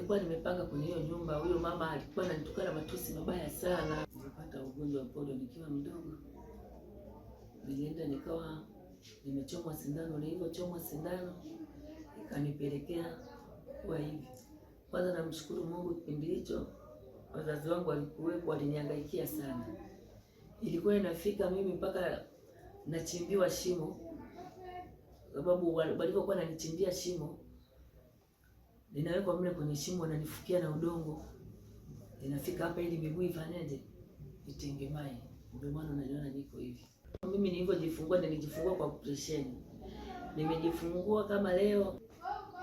nilikuwa nimepanga kwenye hiyo nyumba. Huyo mama alikuwa ananitukana matusi mabaya sana. Nilipata ugonjwa wa polio nikiwa mdogo, nilienda nikawa nimechomwa sindano. Nilivyochomwa sindano ikanipelekea kuwa hivi. Kwanza namshukuru Mungu, kipindi hicho wazazi wangu walikuwepo, walinihangaikia sana. Ilikuwa inafika mimi mpaka nachimbiwa shimo, sababu walivyokuwa nanichimbia shimo linawekwa mle kwenye shimo, analifukia na udongo, linafika hapa ili miguu ifanyaje, itingemae. Ndio maana unaliona niko hivi. Mimi nilivyojifungua nilijifungua kwa operesheni, nimejifungua kama leo,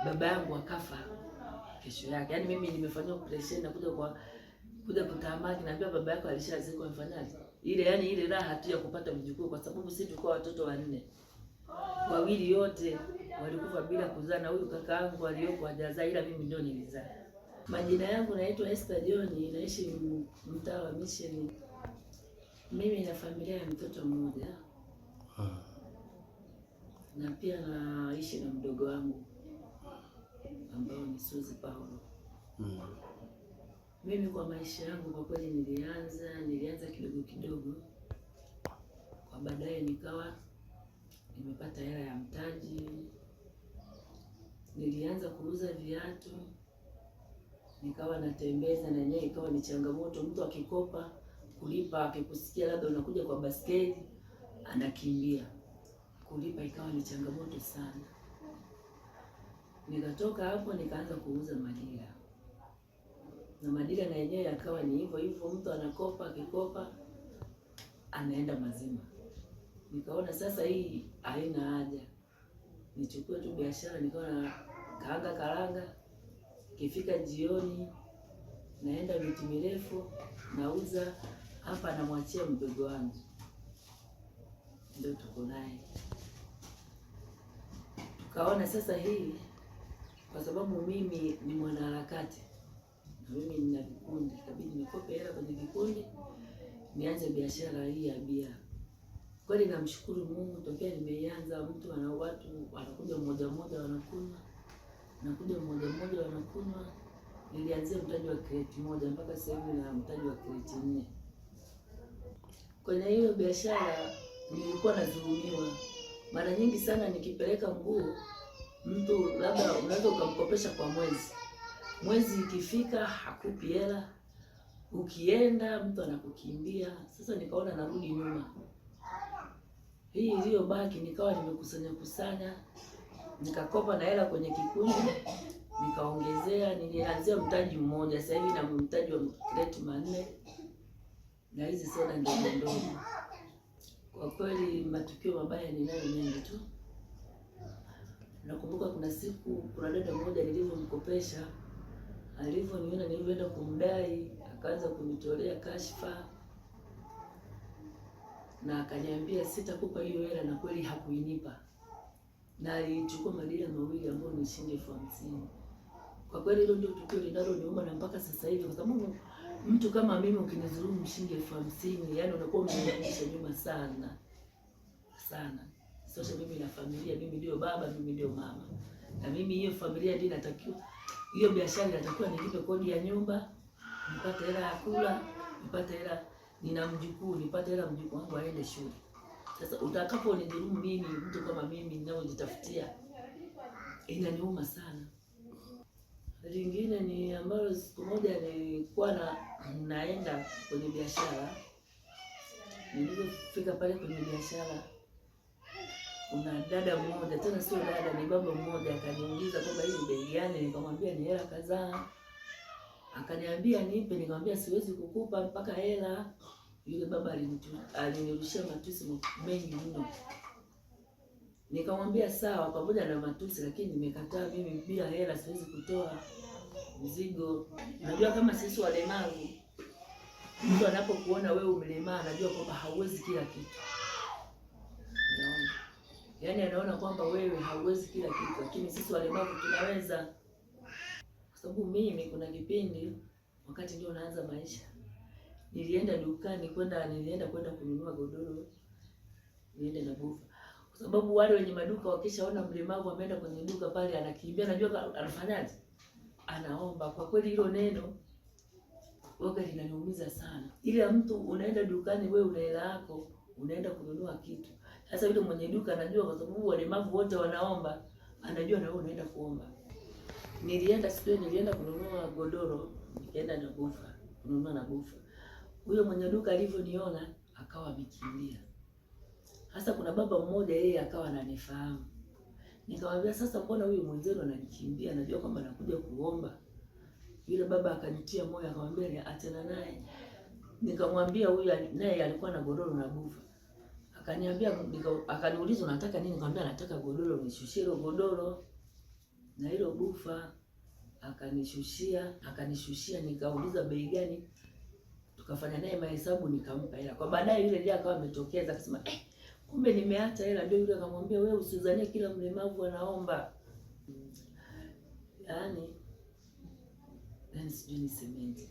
baba yangu akafa kesho yake. Yaani mimi nimefanyia operesheni na kuja kwa kuja kutaamaki, naambia baba yako alishazikwa, amefanyaje ile, yani ile raha tu ya kupata mjukuu, kwa sababu sisi tulikuwa watoto wanne, wawili yote walikufa bila kuzaa, na huyu kaka yangu aliyoko hajazaa, ila mimi ndio nilizaa. Majina yangu naitwa Esther John, naishi mtaa wa Mission. Mimi na familia ya mtoto mmoja ah. na pia naishi na mdogo wangu ambao ni Suzi Paulo mm. Mimi kwa maisha yangu kwa kweli nilianza nilianza kidogo kidogo, kwa baadaye nikawa nimepata hela ya mtaji nilianza kuuza viatu, nikawa natembeza na yeye, ikawa ni changamoto. Mtu akikopa kulipa, akikusikia labda unakuja kwa basketi, anakimbia kulipa, ikawa ni changamoto sana. Nikatoka hapo nikaanza kuuza madira na madira na yenyewe yakawa ni hivyo hivyo, mtu anakopa, akikopa anaenda mazima. Nikaona sasa hii haina haja, nichukue tu biashara nikawa kaanga karanga, kifika jioni naenda miti mirefu nauza hapa, namwachia mdogo wangu, ndio tuko naye. Tukaona sasa hii, kwa sababu mimi ni mwanaharakati na mimi nina vikundi, kabidi nikope hela kwenye vikundi nianze biashara hii ya bia. Kweli namshukuru Mungu, tokea nimeianza mtu ana watu wanakuja mmoja mmoja wanakunywa nakuja mmoja mmoja wanakunywa. Nilianzia mtaji wa kreti moja mpaka sasa hivi na mtaji wa kreti nne. Kwenye hiyo biashara nilikuwa nadhulumiwa mara nyingi sana. Nikipeleka nguo mtu labda unaweza ukamkopesha kwa mwezi, mwezi ikifika hakupi hela, ukienda mtu anakukimbia. Sasa nikaona narudi nyuma, hii iliyobaki nikawa nimekusanya kusanya nikakopa na hela kwenye kikundi nikaongezea, nilianzia mtaji mmoja, sasa hivi na mtaji wa kreti manne na hizi soda ndogo ndogo. Kwa kweli matukio mabaya ninayo mengi tu. Nakumbuka kuna siku kuna dada mmoja nilivyomkopesha, alivyoniona nilivyoenda kumdai, akaanza kunitolea kashfa na akaniambia sitakupa hiyo hela, na kweli hakuinipa na alichukua madira mawili ambayo ni shilingi elfu hamsini. Kwa kweli hilo ndio tukio linaloniuma na mpaka sasa hivi, kwa sababu mtu kama mimi ukinizulumu shilingi elfu hamsini, yani unakuwa umenirudisha nyuma sana sana. Sasa mimi na familia, mimi ndio baba, mimi ndio mama, na mimi hiyo familia ndio inatakiwa, hiyo biashara inatakiwa nilipe kodi ya nyumba, nipate hela ya kula, nipate hela, nina mjukuu, nipate hela mjukuu wangu aende shule. Sasa utakapo nidhulumu mimi, mtu kama mimi ninaojitafutia, inaniuma sana. Lingine ni ambalo siku moja nilikuwa na naenda kwenye biashara, nilipofika pale kwenye biashara kuna dada mmoja, tena sio dada, ni baba mmoja, akaniuliza kwamba hii bei gani? Nikamwambia ni hela kadhaa. Akaniambia nipe, nikamwambia siwezi kukupa mpaka hela yule baba alinirushia matusi mengi mno, nikamwambia sawa, pamoja na matusi, lakini nimekataa. Mimi bila hela siwezi kutoa mzigo. Najua kama sisi walemavu, mtu anapokuona wewe umelemaa, anajua kwamba hauwezi kila kitu yaani anaona kwamba wewe hauwezi kila kitu, lakini sisi walemavu tunaweza. Kwa sababu mimi, kuna kipindi wakati ndio naanza maisha nilienda dukani kwenda, nilienda kwenda kununua godoro, niende na bufa, kwa sababu wale wenye maduka wakishaona mlemavu ameenda kwenye duka pale, anakimbia, anajua anafanyaje, anaomba. Kwa kweli hilo neno woga linaniumiza sana. Ila mtu unaenda dukani, wewe una hela yako, unaenda kununua kitu. Sasa yule mwenye duka anajua, kwa sababu walemavu wote wanaomba, anajua na wewe unaenda kuomba. Nilienda sio, nilienda kununua godoro, nikaenda na bufa, kununua na bufa huyo mwenye duka alivyoniona akawa amekimbia. Hasa kuna baba mmoja yeye akawa ananifahamu. Nikamwambia sasa, mbona huyu mwenzenu ananikimbia? Najua kwamba nakuja kuomba. Yule baba akanitia moyo akamwambia achana naye. Nikamwambia huyu naye alikuwa na godoro na bufa. Akaniambia akaniuliza unataka nini? Nikamwambia nataka godoro, nishushie ile godoro na hilo bufa. Akanishushia, akanishushia nikauliza bei gani? tukafanya naye mahesabu, nikampa hela. Kwa baadaye yule ndiye akawa ametokeza akasema, eh, kumbe nimeacha hela. Ndio yule akamwambia, wewe usizanie kila mlemavu anaomba. Yaani yani sijui nisemeje.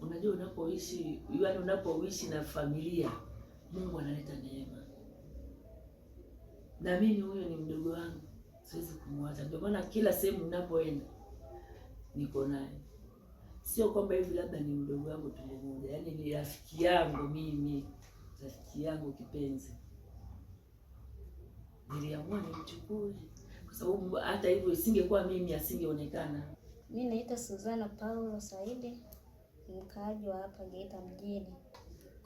Unajua, unapoishi yaani, unapoishi na familia, Mungu analeta neema. Na mimi huyo ni mdogo wangu, siwezi kumwacha. Ndio maana kila sehemu ninapoenda niko naye sio kwamba hivi labda ni mdogo wangu tumbo moja, yaani ni rafiki yangu mimi, rafiki yangu kipenzi. Niliamua nimchukue kwa sababu hata hivyo isingekuwa mimi asingeonekana. Mi naitwa Suzana Paulo Saidi, mkaaji wa hapa Geita mjini.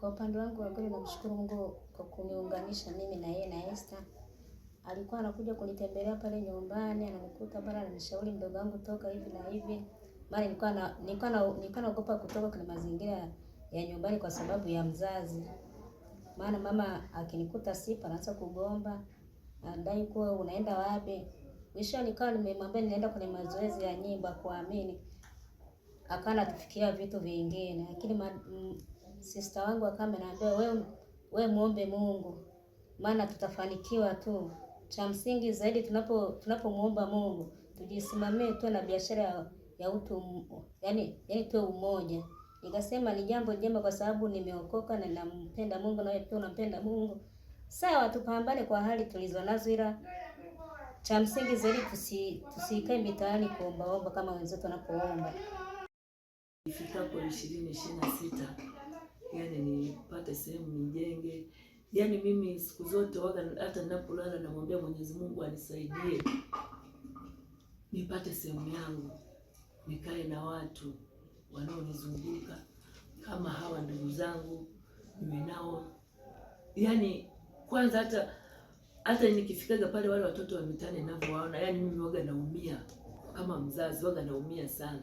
Kwa upande wangu wa kweli namshukuru Mungu kwa kuniunganisha mimi na yeye na Esther. Alikuwa anakuja kunitembelea pale nyumbani, anakuta bara, ananishauri mdogo wangu toka hivi na hivi mara nilikuwa na nilikuwa na nilikuwa naogopa kutoka kwenye mazingira ya nyumbani kwa sababu ya mzazi, maana mama akinikuta sipo anaanza kugomba, anadai kuwa unaenda wapi. Mwisho nikawa nimemwambia ninaenda kwenye mazoezi ya nyimbo, kuamini akawa anatufikiria vitu vingine, lakini sister wangu akawa ameniambia wewe, we muombe Mungu maana tutafanikiwa tu. Cha msingi zaidi tunapo tunapomuomba Mungu, tujisimamie, tu na biashara ya utu yani, yani tuwe umoja. Nikasema ni jambo jema kwa sababu nimeokoka na nampenda Mungu, wewe pia unampenda Mungu. Sawa, tupambane kwa hali tulizonazo, ila cha msingi zaidi tusi tusikae mitaani kuombaomba kama wenzetu wanapoomba. Ifikapo ishirini ishirini na sita yani nipate sehemu nijenge. Yani mimi siku zote waga, hata ninapolala namwambia Mwenyezi Mungu anisaidie nipate sehemu yangu nikae na watu wanaonizunguka kama hawa ndugu zangu, mimi nao yani, kwanza hata hata nikifikaga pale wale watoto wa mitaani ninavyowaona, yani mimi waga naumia kama mzazi, waga naumia sana.